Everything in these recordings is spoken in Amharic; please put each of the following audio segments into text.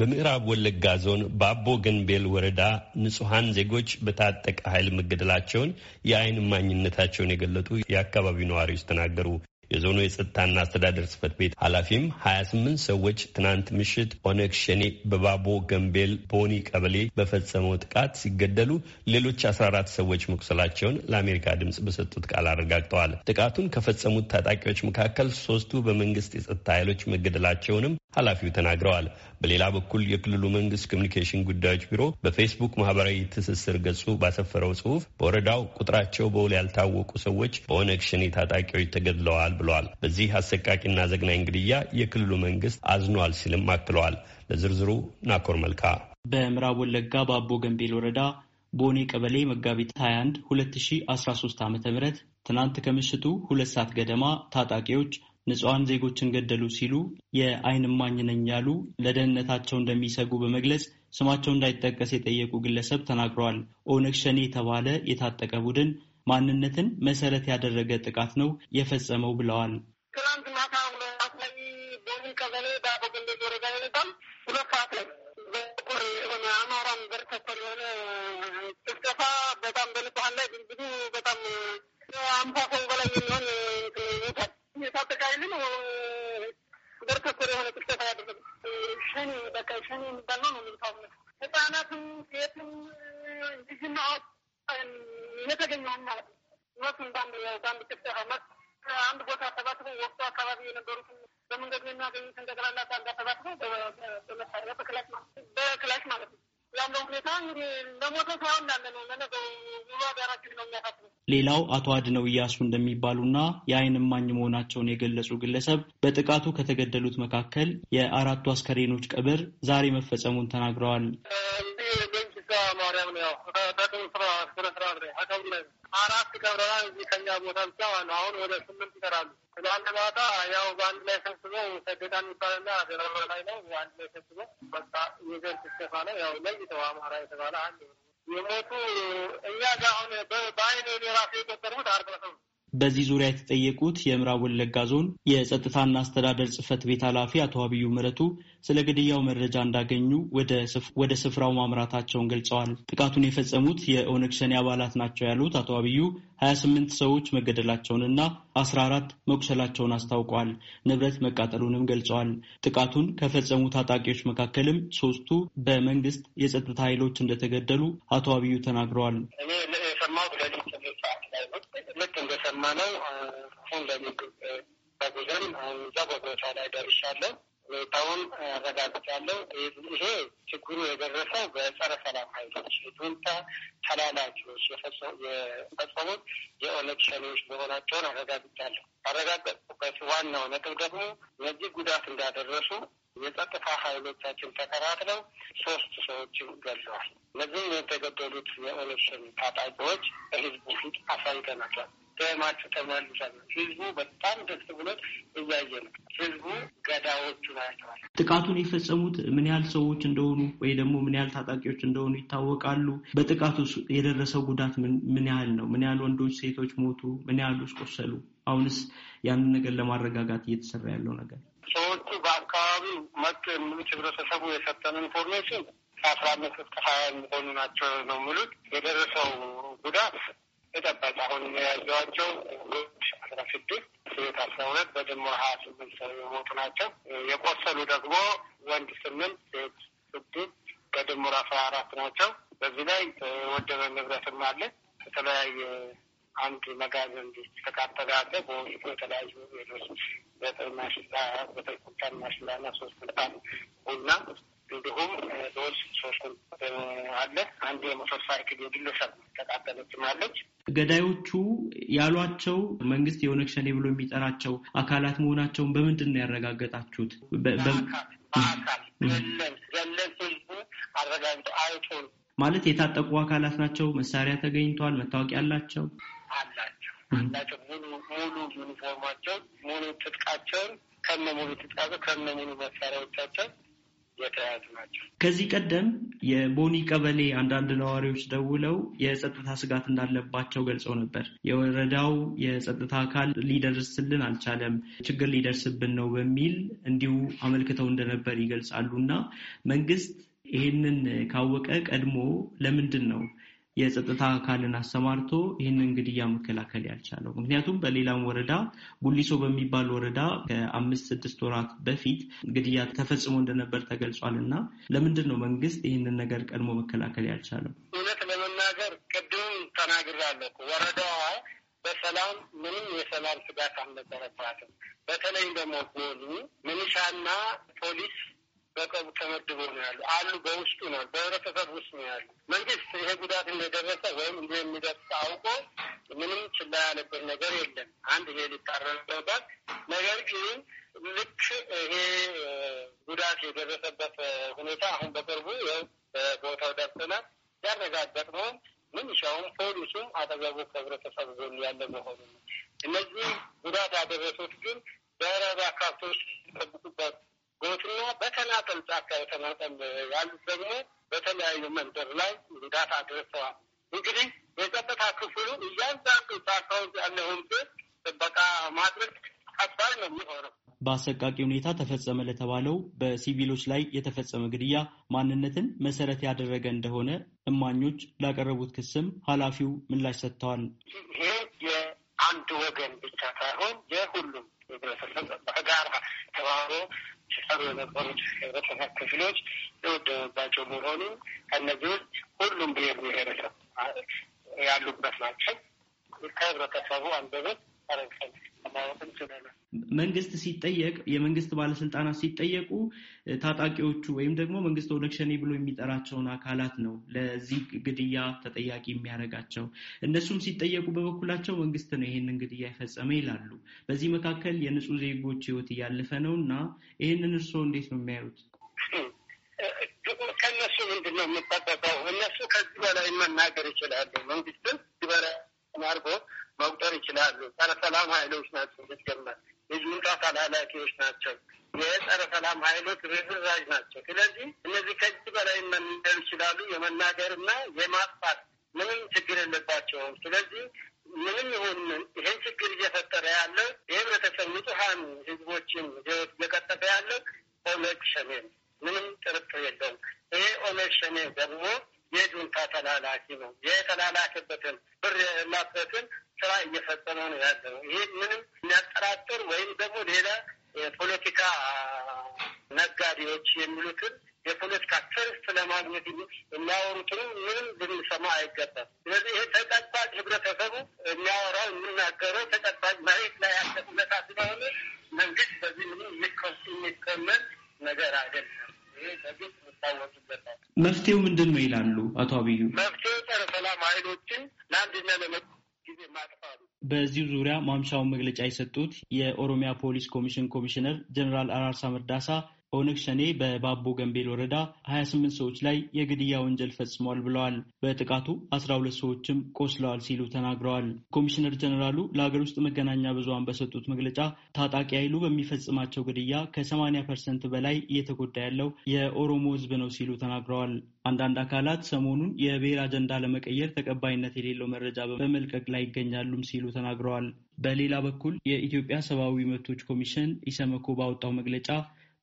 በምዕራብ ወለጋ ዞን በአቦ ገንቤል ወረዳ ንጹሐን ዜጎች በታጠቀ ኃይል መገደላቸውን የአይን ማኝነታቸውን የገለጡ የአካባቢው ነዋሪዎች ተናገሩ። የዞኑ የጸጥታና አስተዳደር ጽፈት ቤት ኃላፊም 28 ሰዎች ትናንት ምሽት ኦነግ ሸኔ በባቦ ገንቤል ቦኒ ቀበሌ በፈጸመው ጥቃት ሲገደሉ ሌሎች 14 ሰዎች መቁሰላቸውን ለአሜሪካ ድምፅ በሰጡት ቃል አረጋግጠዋል። ጥቃቱን ከፈጸሙት ታጣቂዎች መካከል ሶስቱ በመንግስት የጸጥታ ኃይሎች መገደላቸውንም ኃላፊው ተናግረዋል። በሌላ በኩል የክልሉ መንግስት ኮሚኒኬሽን ጉዳዮች ቢሮ በፌስቡክ ማህበራዊ ትስስር ገጹ ባሰፈረው ጽሁፍ በወረዳው ቁጥራቸው በውል ያልታወቁ ሰዎች በኦነግ ሸኔ ታጣቂዎች ተገድለዋል ብለዋል። በዚህ አሰቃቂና ዘግናኝ ግድያ የክልሉ መንግስት አዝኗል ሲልም አክለዋል። ለዝርዝሩ ናኮር መልካ። በምዕራብ ወለጋ በአቦ ገንቤል ወረዳ ቦኔ ቀበሌ መጋቢት 21 2013 ዓ ም ትናንት ከምሽቱ ሁለት ሰዓት ገደማ ታጣቂዎች ንጹሐን ዜጎችን ገደሉ ሲሉ የዓይን እማኝ ነኝ ያሉ ለደህንነታቸው እንደሚሰጉ በመግለጽ ስማቸው እንዳይጠቀስ የጠየቁ ግለሰብ ተናግረዋል። ኦነግ ሸኔ የተባለ የታጠቀ ቡድን ማንነትን መሰረት ያደረገ ጥቃት ነው የፈጸመው ብለዋል። ሁለት ሰዓት ላይ በቁር የሆነ የሆነ በጣም በንጹሐን ላይ ብዙ በጣም አምሳ ሰው በላይ የሚሆን የታጠቀ ኃይልን ብርቱ ስር የሆነ ቅስቀሳ ያደረጉ ሸኔ በቃ ሸኔ የሚባል ነው ነው። ህጻናትም ሴትም ልጅና የተገኘውን ማለት ነው። እነሱን በአንድ በአንድ ቅስቀሳ መስ አንድ ቦታ ተባትበው ወቅቱ አካባቢ የነበሩትን በመንገድ የሚያገኙትን ጠቅላላ በአንድ ተባትበው በመሳሪያ በክላሽ ማለት ነው ያለው ሁኔታ ለሞተ ሳይሆን ነው ሌላው አቶ አድነው እያሱ እንደሚባሉና የአይን እማኝ መሆናቸውን የገለጹ ግለሰብ በጥቃቱ ከተገደሉት መካከል የአራቱ አስከሬኖች ቀብር ዛሬ መፈጸሙን ተናግረዋል። ሰብረናል። እዚህ ከኛ ቦታ ብቻ ነው አሁን ወደ ስምንት ይሰራሉ። ትላንት ማታ ያው በአንድ ላይ ሰብስበው ሰደዳን የሚባልና ደረበ ላይ ነው በአንድ ላይ ሰብስበው በቃ የዘር ስተፋ ነው። ያው ለይተው አማራ የተባለ አንድ የሞቱ እኛ ጋር አሁን በአይን ራሴ የቆጠርኩት አርባ ሰው በዚህ ዙሪያ የተጠየቁት የምዕራብ ወለጋ ዞን የጸጥታና አስተዳደር ጽህፈት ቤት ኃላፊ አቶ አብዩ ምረቱ ስለ ግድያው መረጃ እንዳገኙ ወደ ስፍራው ማምራታቸውን ገልጸዋል። ጥቃቱን የፈጸሙት የኦነግ ሸኔ አባላት ናቸው ያሉት አቶ አብዩ 28 ሰዎች መገደላቸውንና 14 መቁሰላቸውን አስታውቀዋል። ንብረት መቃጠሉንም ገልጸዋል። ጥቃቱን ከፈጸሙ ታጣቂዎች መካከልም ሶስቱ በመንግስት የጸጥታ ኃይሎች እንደተገደሉ አቶ አብዩ ተናግረዋል። ነው። አሁን ለምግብ ተጉዘን አሁን እዛ በቦታ ላይ ደርሻለሁ። ሁኔታውን አረጋግጫለሁ። ይሄ ችግሩ የደረሰው በጸረ ሰላም ኃይሎች የጁንታ ተላላኪዎች የፈጸሙት የኦነግ ሸኔዎች መሆናቸውን አረጋግጫለሁ። አረጋገጥኩበት ዋናው ነጥብ ደግሞ እነዚህ ጉዳት እንዳደረሱ የጸጥታ ኃይሎቻችን ተከታትለው ሶስት ሰዎችን ገለዋል። እነዚህም የተገደሉት የኦነግ ሸኔ ታጣቂዎች በህዝቡ ፊት አሳይተናቸዋል። ደማችሁ ተመልሷል። ህዝቡ በጣም ደስ ብሎት እያየ ነው። ህዝቡ ገዳዎቹ ናቸዋል። ጥቃቱን የፈጸሙት ምን ያህል ሰዎች እንደሆኑ ወይ ደግሞ ምን ያህል ታጣቂዎች እንደሆኑ ይታወቃሉ? በጥቃቱ የደረሰው ጉዳት ምን ያህል ነው? ምን ያህል ወንዶች፣ ሴቶች ሞቱ? ምን ያህሉስ ቆሰሉ? አሁንስ ያንን ነገር ለማረጋጋት እየተሰራ ያለው ነገር ሰዎቹ በአካባቢው መጡ የሚሉት ህብረተሰቡ የሰጠን ኢንፎርሜሽን ከአስራ አምስት እስከ ሀያ የሚሆኑ ናቸው ነው የሚሉት የደረሰው ጉዳት የጠበቀ አሁን የያዟቸው አስራ ስድስት ሴት አስራ ሁለት በድምር ሀያ ስምንት ሰው የሞቱ ናቸው። የቆሰሉ ደግሞ ወንድ ስምንት ሴት ስድስት በድምር አስራ አራት ናቸው። በዚህ ላይ የወደመ ንብረትም አለ። የተለያየ አንድ መጋዘን ተቃጠለ አለ። በውስጡ የተለያዩ ሌሎች ዘጠኝ ማሽላ፣ ዘጠኝ ኩንታል ማሽላ እና ሶስት ኩንታል ቡና እንዲሁም ሎጅ ሶስት አለ አንድ የሞተር ሳይክል የግለሰብ ተቃጠለችም አለች። ገዳዮቹ ያሏቸው መንግስት የኦነግ ሸኔ ብሎ የሚጠራቸው አካላት መሆናቸውን በምንድን ነው ያረጋገጣችሁት? ማለት የታጠቁ አካላት ናቸው። መሳሪያ ተገኝተዋል። መታወቂያ አላቸው አላቸው አላቸው የተያያዙ ናቸው። ከዚህ ቀደም የቦኒ ቀበሌ አንዳንድ ነዋሪዎች ደውለው የጸጥታ ስጋት እንዳለባቸው ገልጸው ነበር። የወረዳው የጸጥታ አካል ሊደርስልን አልቻለም፣ ችግር ሊደርስብን ነው በሚል እንዲሁ አመልክተው እንደነበር ይገልጻሉ እና መንግስት ይህንን ካወቀ ቀድሞ ለምንድን ነው የጸጥታ አካልን አሰማርቶ ይህንን ግድያ መከላከል ያልቻለው። ምክንያቱም በሌላም ወረዳ ጉሊሶ በሚባል ወረዳ ከአምስት ስድስት ወራት በፊት ግድያ ተፈጽሞ እንደነበር ተገልጿል እና ለምንድን ነው መንግስት ይህንን ነገር ቀድሞ መከላከል ያልቻለው? እውነት ለመናገር ቅድም ተናግራለሁ። ወረዳዋ በሰላም ምንም የሰላም ስጋት አልነበረባትም። በተለይም ደግሞ ጎሉ ምንሻና ፖሊስ በቅርብ ተመድቦ ነው ያሉ አሉ። በውስጡ ነው በህብረተሰብ ውስጥ ነው ያሉ። መንግስት ይሄ ጉዳት እንደደረሰ ወይም እንዲ የሚደርስ አውቆ ምንም ችላ ያለበት ነገር የለም። አንድ ይሄ ሊታረም ነገር ግን ልክ ይሄ ጉዳት የደረሰበት ሁኔታ አሁን በቅርቡ ያው በቦታው ደርሰናል። ያረጋገጥ ነው ምንሻውም ፖሊሱም አጠገቡ ከህብረተሰብ ጎን ያለ መሆኑ ነው። እነዚህ ጉዳት ያደረሱት ግን በረዳ ካፍቶች የሚጠብቁበት ጎትና በተናጠል ጫካ የተናጠል ያሉት ደግሞ በተለያዩ መንደር ላይ ጉዳት አድርሰዋል። እንግዲህ የጸጥታ ክፍሉ እያንዳንዱ ጫካ ያለውን ጥበቃ ማድረግ ከባድ ነው የሚሆነው። በአሰቃቂ ሁኔታ ተፈጸመ ለተባለው በሲቪሎች ላይ የተፈጸመ ግድያ ማንነትን መሰረት ያደረገ እንደሆነ እማኞች ላቀረቡት ክስም ኃላፊው ምላሽ ሰጥተዋል። ይሄ የአንድ ወገን ብቻ ሳይሆን የሁሉም ህብረተሰብ በጋራ ተባብሮ ሲሰሩ የነበሩት ህብረተሰብ ክፍሎች የወደመባቸው መሆኑ ከነዚህ ውስጥ ሁሉም ብሄር ብሄረሰብ ያሉበት ናቸው። ከህብረተሰቡ አንደበት ረሰብ ለማወቅም ችለናል። መንግስት ሲጠየቅ የመንግስት ባለስልጣናት ሲጠየቁ ታጣቂዎቹ ወይም ደግሞ መንግስት ኦነግ ሸኔ ብሎ የሚጠራቸውን አካላት ነው ለዚህ ግድያ ተጠያቂ የሚያደርጋቸው። እነሱም ሲጠየቁ በበኩላቸው መንግስት ነው ይህንን ግድያ የፈጸመ ይላሉ። በዚህ መካከል የንጹህ ዜጎች ህይወት እያለፈ ነው እና ይህንን እርስዎ እንዴት ነው የሚያዩት? ከእነሱ ምንድን ነው እነሱ ከዚህ በላይ መናገር ይችላሉ። መንግስትም በላይ አድርጎ መቁጠር ይችላሉ። ጸረ ሰላም ናቸው ልትገመት የጁንታ ተላላኪዎች ናቸው፣ የጸረ ሰላም ኃይሎች ርዝራዥ ናቸው። ስለዚህ እነዚህ ከዚህ በላይ መናገር ይችላሉ። የመናገርና የማጥፋት ምንም ችግር የለባቸውም። ስለዚህ ምንም ይሁን ምን ይህን ችግር እየፈጠረ ያለው የህብረተሰብ ንጹሀን ህዝቦችን ህይወት እየቀጠፈ ያለው ኦነግ ሸኔ ምንም ጥርጥር የለውም። ይሄ ኦነግ ሸኔ ደግሞ የጁንታ ተላላኪ ነው። የተላላክበትን ብር የላበትን ስራ እየፈጸመው ነው ያለ ነው። ይሄ ምንም የሚያጠራጥር ወይም ደግሞ ሌላ የፖለቲካ ነጋዴዎች የሚሉትን የፖለቲካ ትርፍ ለማግኘት የሚያወሩትን ምንም ልንሰማ አይገባም። ስለዚህ ይሄ ተጨባጭ ህብረተሰቡ የሚያወራው የሚናገረው ተጨባጭ መሬት ላይ ያለ እውነታ ስለሆነ መንግስት በዚህ ምንም የሚከሱ የሚከመን ነገር አይደለም። መፍትሄው ምንድን ነው ይላሉ አቶ አብዩ። መፍትሄው ጸረ ሰላም ኃይሎችን ለአንድና ለመ የማጥፋት በዚሁ ዙሪያ ማምሻውን መግለጫ የሰጡት የኦሮሚያ ፖሊስ ኮሚሽን ኮሚሽነር ጀኔራል አራርሳ መርዳሳ በኦነግ ሸኔ በባቦ ገንቤል ወረዳ 28 ሰዎች ላይ የግድያ ወንጀል ፈጽሟል ብለዋል። በጥቃቱ 12 ሰዎችም ቆስለዋል ሲሉ ተናግረዋል። ኮሚሽነር ጀኔራሉ ለሀገር ውስጥ መገናኛ ብዙሃን በሰጡት መግለጫ ታጣቂ ኃይሉ በሚፈጽማቸው ግድያ ከ80 ፐርሰንት በላይ እየተጎዳ ያለው የኦሮሞ ህዝብ ነው ሲሉ ተናግረዋል። አንዳንድ አካላት ሰሞኑን የብሔር አጀንዳ ለመቀየር ተቀባይነት የሌለው መረጃ በመልቀቅ ላይ ይገኛሉም ሲሉ ተናግረዋል። በሌላ በኩል የኢትዮጵያ ሰብአዊ መብቶች ኮሚሽን ኢሰመኮ ባወጣው መግለጫ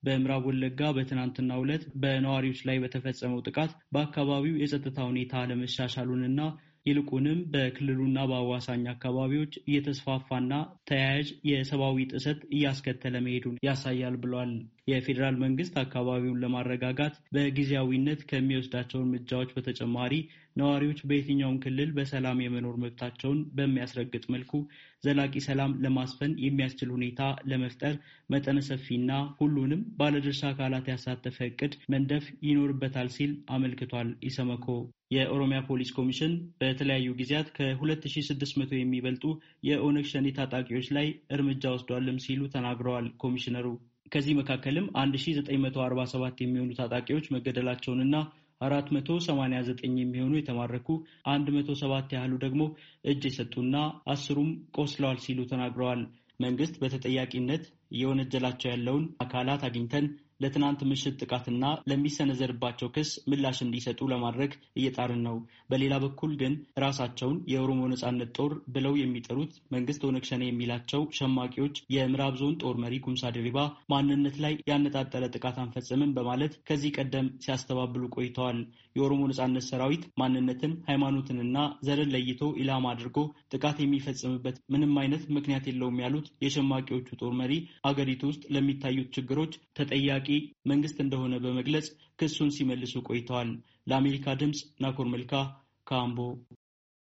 በምዕራብ ወለጋ በትናንትናው ዕለት በነዋሪዎች ላይ በተፈጸመው ጥቃት በአካባቢው የጸጥታ ሁኔታ አለመሻሻሉንና ይልቁንም በክልሉና በአዋሳኝ አካባቢዎች እየተስፋፋና ተያያዥ የሰብአዊ ጥሰት እያስከተለ መሄዱን ያሳያል ብሏል። የፌዴራል መንግስት አካባቢውን ለማረጋጋት በጊዜያዊነት ከሚወስዳቸው እርምጃዎች በተጨማሪ ነዋሪዎች በየትኛውም ክልል በሰላም የመኖር መብታቸውን በሚያስረግጥ መልኩ ዘላቂ ሰላም ለማስፈን የሚያስችል ሁኔታ ለመፍጠር መጠነ ሰፊና ሁሉንም ባለድርሻ አካላት ያሳተፈ እቅድ መንደፍ ይኖርበታል ሲል አመልክቷል። ኢሰመኮ የኦሮሚያ ፖሊስ ኮሚሽን በተለያዩ ጊዜያት ከ2600 የሚበልጡ የኦነግ ሸኔ ታጣቂዎች ላይ እርምጃ ወስዷልም ሲሉ ተናግረዋል ኮሚሽነሩ ከዚህ መካከልም 1947 የሚሆኑ ታጣቂዎች መገደላቸውንና 489 የሚሆኑ የተማረኩ 107 ያህሉ ደግሞ እጅ የሰጡና አስሩም ቆስለዋል ሲሉ ተናግረዋል። መንግስት በተጠያቂነት እየወነጀላቸው ያለውን አካላት አግኝተን ለትናንት ምሽት ጥቃትና ለሚሰነዘርባቸው ክስ ምላሽ እንዲሰጡ ለማድረግ እየጣርን ነው። በሌላ በኩል ግን ራሳቸውን የኦሮሞ ነጻነት ጦር ብለው የሚጠሩት መንግስት ኦነግ ሸኔ የሚላቸው ሸማቂዎች የምዕራብ ዞን ጦር መሪ ኩምሳ ድሪባ ማንነት ላይ ያነጣጠረ ጥቃት አንፈጽምም በማለት ከዚህ ቀደም ሲያስተባብሉ ቆይተዋል። የኦሮሞ ነጻነት ሰራዊት ማንነትን፣ ሃይማኖትንና ዘርን ለይቶ ኢላማ አድርጎ ጥቃት የሚፈጽምበት ምንም አይነት ምክንያት የለውም ያሉት የሸማቂዎቹ ጦር መሪ አገሪቱ ውስጥ ለሚታዩት ችግሮች ተጠያቂ ተጠያቂ መንግስት እንደሆነ በመግለጽ ክሱን ሲመልሱ ቆይተዋል። ለአሜሪካ ድምፅ ናኮር መልካ ካምቦ